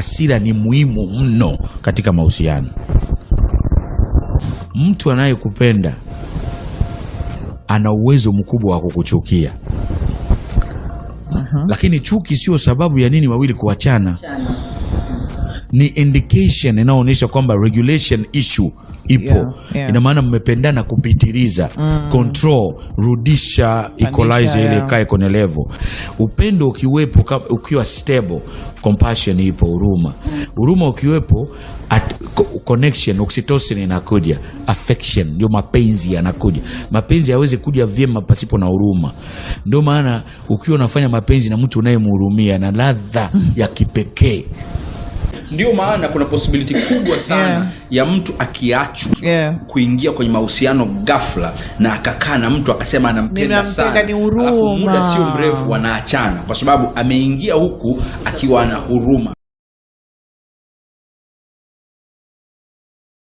hasira ni muhimu mno katika mahusiano. Mtu anayekupenda ana uwezo mkubwa wa kukuchukia. Uh -huh. Lakini chuki sio sababu ya nini wawili kuachana ni indication inayoonyesha kwamba regulation issue ipo yeah, yeah. Ina maana mmependana kupitiliza mm. Control, rudisha equalize ile ikae kwenye level. Upendo ukiwepo, ukiwa stable, compassion ipo, huruma huruma ukiwepo at connection, oxytocin inakuja, affection ndio mapenzi yanakuja. Mapenzi hayawezi kuja vyema pasipo na huruma. Ndio maana ukiwa unafanya mapenzi na mtu unayemhurumia na ladha ya kipekee ndio maana kuna possibility kubwa sana yeah. ya mtu akiachwa yeah. kuingia kwenye mahusiano ghafla na akakaa na mtu akasema anampenda sana alafu muda sio mrefu wanaachana kwa sababu ameingia huku akiwa na huruma